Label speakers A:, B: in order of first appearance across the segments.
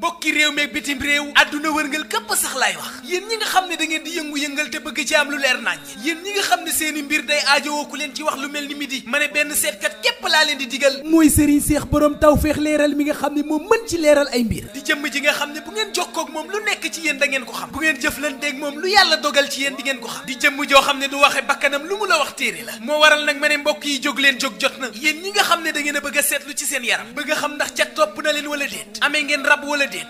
A: mbokk bokki réew meeg bitim réew adduna wërngal këpp sax laay wax yéen ñi nga xam ne da ngeen di yëngu-yëngal te bëgg ci am lu leer nañ yéen ñi nga xam ne seeni mbir day aajowoo ku leen ci wax lu mel ni midi ma ne benn seetkat képp laa leen di digal mooy sëriñ seex borom tawfeex leeral mi nga xam ne moom mën ci leeral ay mbir di jëm ji nga xam ne bu ngeen jokkoo ak moom lu nekk ci yéen da ngeen ko xam bu ngeen jëflanteeg moom lu yàlla dogal ci yéen di ngeen ko xam di jëmm joo xam ne du waxe bakkanam lu mu la wax téere la moo waral nag ma ne mbokk yi jóg leen jóg jot na yéen ñi nga xam ne da ngeen a ci seen yaram bëgg xam ndax ca topp na wala déet amee ngeen rab wala déet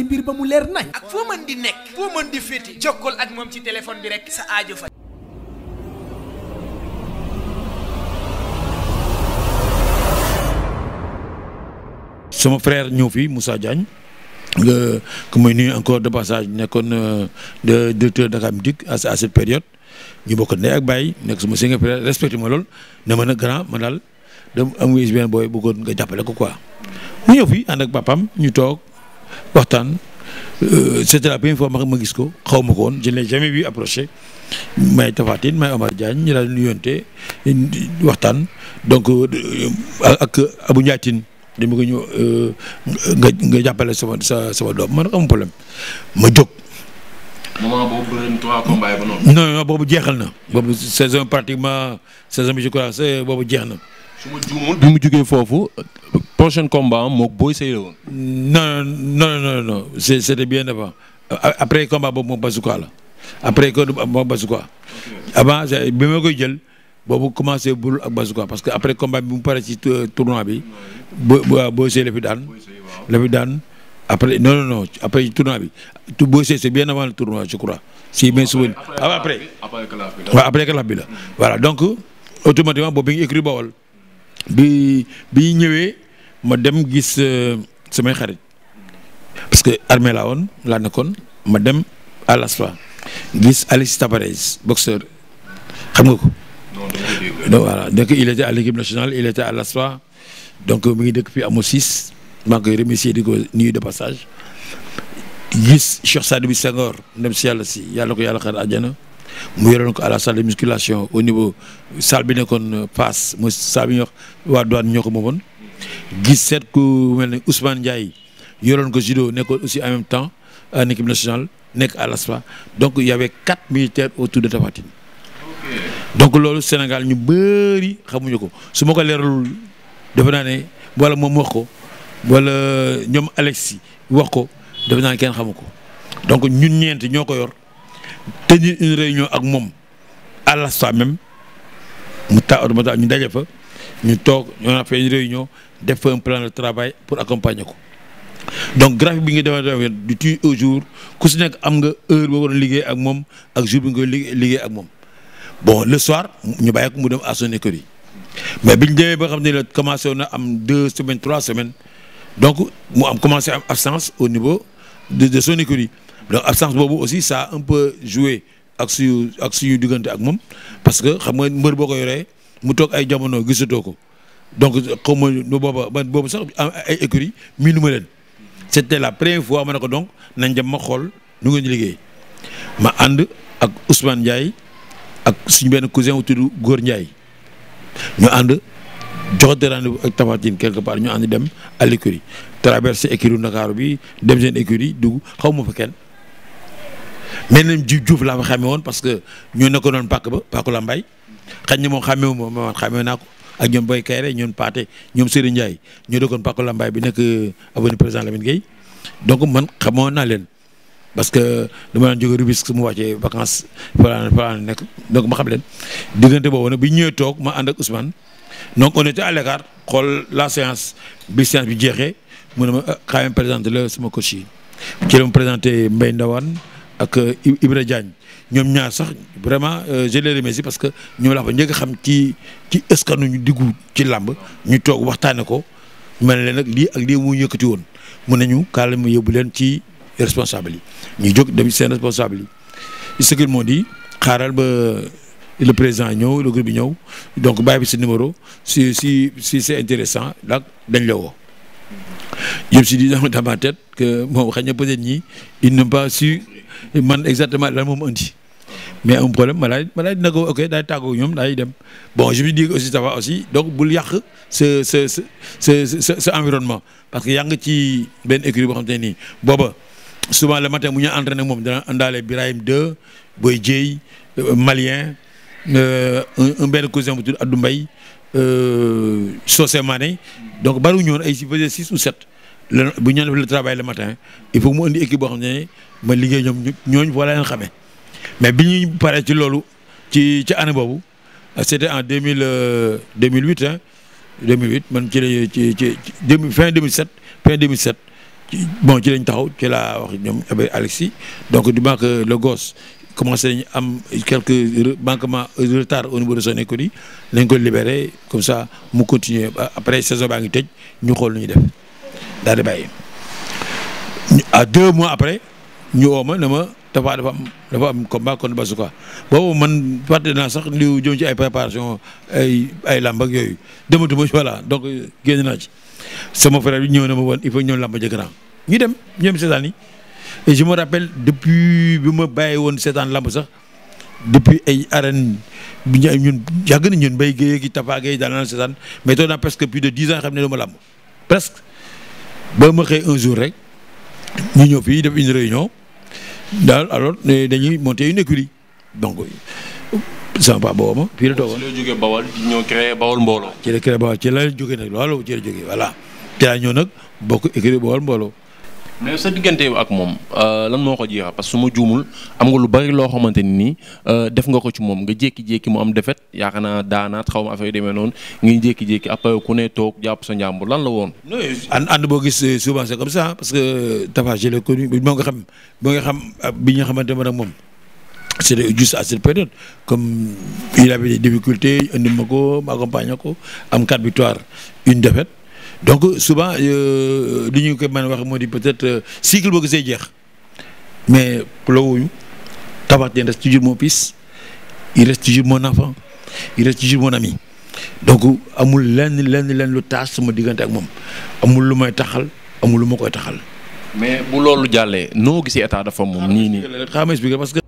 A: say mbir ba mu leer nañ ak moom ci téléphone bi rek sa aajo fa
B: sama frère ñëw fi Moussa Diagne ku may nuyu encore de passage nekkoon euh, de directeur Dakar Midi à à cette période ñu bokk ndey ak bàyyi nekk sama seen frère respecté ma lool ne ma nag grand ma daal dem am wéy si benn booy bëggoon nga jàppale ko quoi. mu ñëw fi ànd ak papaam ñu toog waxtaan euh, c'était la première fois ma gis ko xaw ma ko woon je n'ai jamais vu approché may Tapha Tine may Omar Diagne ñu daal di waxtaan donc euh, ak abu Ndiaye Tine dama ko ñëw euh, nga nga jàppale sama sa sama doom man am problème ma jóg. moment boobu bëri na trois jeexal na boobu saison pratiquement saison bi je crois boobu jeex na. su bi mu jugee foofu prochain combat am moog Boy Seye la woon. non non non non c' est c' était bien avant après combat boobu moom Bazouka la après que moom Bazouka. avant bi ma koy jël boobu commencé parce que après combat bi mu pare ci euh, tournoi bi. bo Boy la fi daan. la fi daan après tournoi bi Boy Seye c' est bien avant tournoi je si bien souvent après après bi la après mm. donc automatiquement boobu bi écrit Bawol bi bi ma dem gis euh, samay xarit parce que armée laa woon laa nekkoon ma dem à l'ASFA gis Alexis Tabarez boxeur xam nga ko. donc voilà donc il était à l'équipe nationale il était euh, ngi dëkk fii amoo siis maa ngi koy remercier di ko nuyu de passage gis Cheikh Sadou bi Senghor ndem si yàlla si yàlla ko yàlla xar àjjana mu yoroon ko à la salle de musculation au niveau salle bi nekkoon euh, Fass mooy salle bi ñuy wax waa douane ñoo ko moomoon gis seet ku mel ni Ousmane Ndiaye yoroon ko judo nekkoon aussi en temps en équipe nationale nekk à l'ASFA donc il y avait quatre militaires autour de Tapha donc loolu Sénégal ñu bëri xamuñu ko su ma ko leeralul defe naa ne wala moom wax ko wala ñoom Alexis wax ko defe naa kenn xamu ko donc ñun ñeent ñoo ko yor tenir une réunion ak moom à l'ASFA même mu ta ma ta ñu daje fa ñu toog ñoo naa fa une réunion def fa un plan de travail pour accompagner ko donc graphique bi nga defee du tuy au jour ku si nekk am nga heur boo war liggéey ak moom ak jour bi nga liggéey ak moom bon le soir ñu bàyyi ko mu dem à son écurie mais bi biñ demee ba xam ne la commencé woon na am deux semaines trois semaines donc mu am commencé am absence au niveau de de son écurie donc absence boobu aussi ça a un peu joué ak suñu yu suñu diggante ak moom parce que xam nga mbër boo ko yoree mu toog ay jamono gisatoo ko. donc xaw ma nu booba man boobu sax ay écurie miinu ma leen c' était la première fois ma ne ko donc nañ dem ma xool nu ngeen di liggéey ma ànd ak Ousmane Ndiaye ak suñu benn cousin wu tudd Góor Ndiaye ñu ànd joxante rendez-vous ak Tapha Tine quelque part ñu ànd dem à l' écurie traversé écurie Ndakaaru bi dem seen écurie dugg xaw ma fa kenn. mais nag Diouf Diouf laa fa xamee woon parce que ñoo nekkoon pàkk ba pàkku la mbay xëy na moom xamee wu ma xamee naa ko. ak ñoom Boy Kayre ñoom Paate ñoom Serigne Ndiaye ñoo dëkkoon Pàkk Lambaay bi nekk euh, avenue président Lamine Gueye donc man xamoon naa leen parce que dama daan jóge Rubis su ma wàccee vacances falan falan nekk donc ma xam leen diggante boobu nag bi ñëwee toog ma ànd ak Ousmane donc on était xool la séance bi séance bi jeexee mu ne ma xaaral ah, ma présenté la sama coach yi ci la ma présenté ak euh, Ibra Diagne ñoom ñaar sax vraiment euh, je les remercie parce que ñoo la ba njëkk xam ci ci askanu ñu diggu ci làmb ñu toog waxtaane ko mel ne leen nag lii ak lii mu yëkkati woon mun nañu kaale mu yóbbu leen ci responsable yi ñu jóg dem seen responsable yi ce qu'ils m'ont dit xaaral ba le président ñëw le groupe bi ñëw donc bàyyi bi si numéro si si si c'est intéressant donc dañ la woo je me suis dit dans ma tête que moom xëy na peut-être ñi ils n'ont pas su man exactement lan moom andi mais un problème Malade Malade dina ko ok daay tàggoo ñoom daay dem bon je lui dis aussi ça aussi donc bul yàq sa sa sa sa environnement parce que yaa ngi ci benn écurie boo xam te nii booba souvent le matin mu ñu entraîné moom dana àndaale Birahim 2 Boy Dieye euh, Malien euh, un benn cousin bu tudd Abdou Mbaye euh, Socé Mané donc bariwul ñoon ay si faisait six ou sept la bu ñu def le travail le matin il faut mu indi équipe boo xam ne ma liggéey ñoom ñooñu voilà leen xamee. mais bi ñu paree ci loolu ci ci année boobu c'était en deux mille euh, deux mille huit hein deux mille huit man ci la ci ci fin deux mille sept fin deux mille sept bon ci lañ taxaw ci laa wax ñoom avec Alexis donc di manque le gosse commencé nañu am quelques manquements euh, retard au niveau de son économie lañ ko libéré comme ça mu continuer après saison baa ngi tëj ñu xool lu ñuy def daal di bàyyi deux mois après ñu woo dafa dafa am dafa am combat contre Bazooka boobu man fàtte naa sax li jëm ci ay préparation ay ay làmb ak yooyu dematuma ci voilà donc génn naa ci sama frère bi ñëw na ma woon il faut ñëw làmb dem ñoom seetaan yi et je me rappelle depuis bi ma bàyyi woon seetaan làmb sax depuis ay arène bi ñu ñun yàgg na ñun Mbaye Guèye gi Tafa Guèye daan naan seetaan mais toog naa presque plus de dix ans xam ne du ma presque ba ma xëy un jour rek ñu ñëw fii def une réunion. daal alors dañuy monter une écurie donc sama papa boobu ma fii la toogoon. ci la jógee Bawol di ñëw créé Bawol Mbooloo. ci la créé Bawol ci la jógee nag loolu ci la voilà. te ñoo nag bokk écurie Bawol Mbooloo. mais sa diggante ak moom euh, lan moo ko jeexal parce que ma juumul am lu bari loo xamante ni euh, def nga ko ci moom nga jékki-jékki mu am defet yaakaar naa daanaat xaw ma affaire deme demee noonu ngi jékki-jékki après ku ne toog jàpp sa njàmbur lan la woon. non ànd boo gis euh, souvent c'est comme ça parce que Tafa je l'ai connu moo nga xam moo nga xam bi nga xamante ne moom. c'était juste à cette période comme il avait des difficultés indi ma ko ma accompagné ko am quatre victoires une défaite donc souvent euh, lu ñu ko mën a wax moo di peut-être euh, cycle boo gisee jeex mais loowuñu Tapha Tine reste toujours mon fils il reste toujours mon enfant il reste toujours mon ami donc amul lenn lenn lenn lu taas suma diggante ak moom amul lu may taxal amul lu ma koy taxal. mais bu loolu jàllee noo gisee état dafa moom. nii nii ah,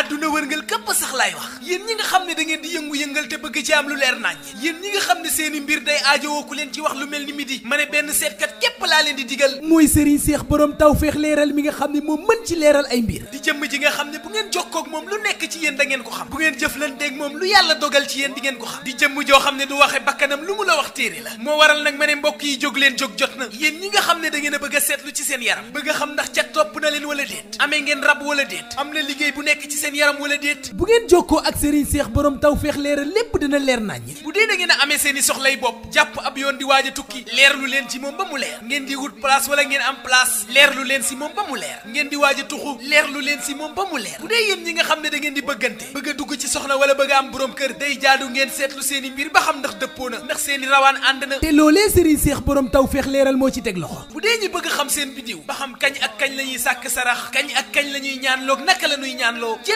A: àdduna wërngal képp sax lay wax yéen ñi nga xam ne da ngeen di yëngu-yëngal te bëgg ci am lu leer nañ yéen ñi nga xam ne seeni mbir day aajowoo ku leen ci wax lu mel ni midi ma ne benn seetkat képp laa leen di digal mooy sëriñ seex borom tawfeex leeral mi nga xam ne moom mën ci leeral ay mbir di jëmm ji nga xam ne bu ngeen jokkoog moom lu nekk ci yéen da ngeen moom lu yàlla dogal ci yéen di ngeen ko xam di jëmm joo xam ne du waxe bakkanam lu mu la wax téere la moo waral leen jóg jot na yéen ñi nga xam ne da ngeen a bëgg a seetlu ci seen yaram a xam ndax ca topp na leen wala déet amee ngeen rab wala seen yaram wala déet bu ngeen jokkoo ak Serigne Seex borom tawfeex leeral lépp dina leer naññ bu dee da ngeen a amee seen i soxlay bopp jàpp ab yoon di waaj a tukki leer lu leen ci moom ba mu leer ngeen di wut place wala ngeen am place leer lu leen si moom ba mu leer ngeen di waaja a tuxu leer lu leen si moom ba mu leer bu dee yéen ñi nga xam ne da ngeen di bëggante bëgg dugg ci soxna wala bëgg am borom kër day jaadu ngeen seetlu seeni i mbir ba xam ndax dëppoo na ndax seen i rawaan ànd na te loolee Serigne Seex borom tawfeex moo ci teg bu dee bëgg xam seen bidiw ba xam kañ ak kañ la ñuy sàkk sarax kañ ak kañ la ñuy ñaanloo naka la ñuy ñaanloo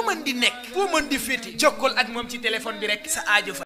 A: foo mën di nekk foo mën di féete jokkool ak moom ci téléphone bi rek sa aajo fa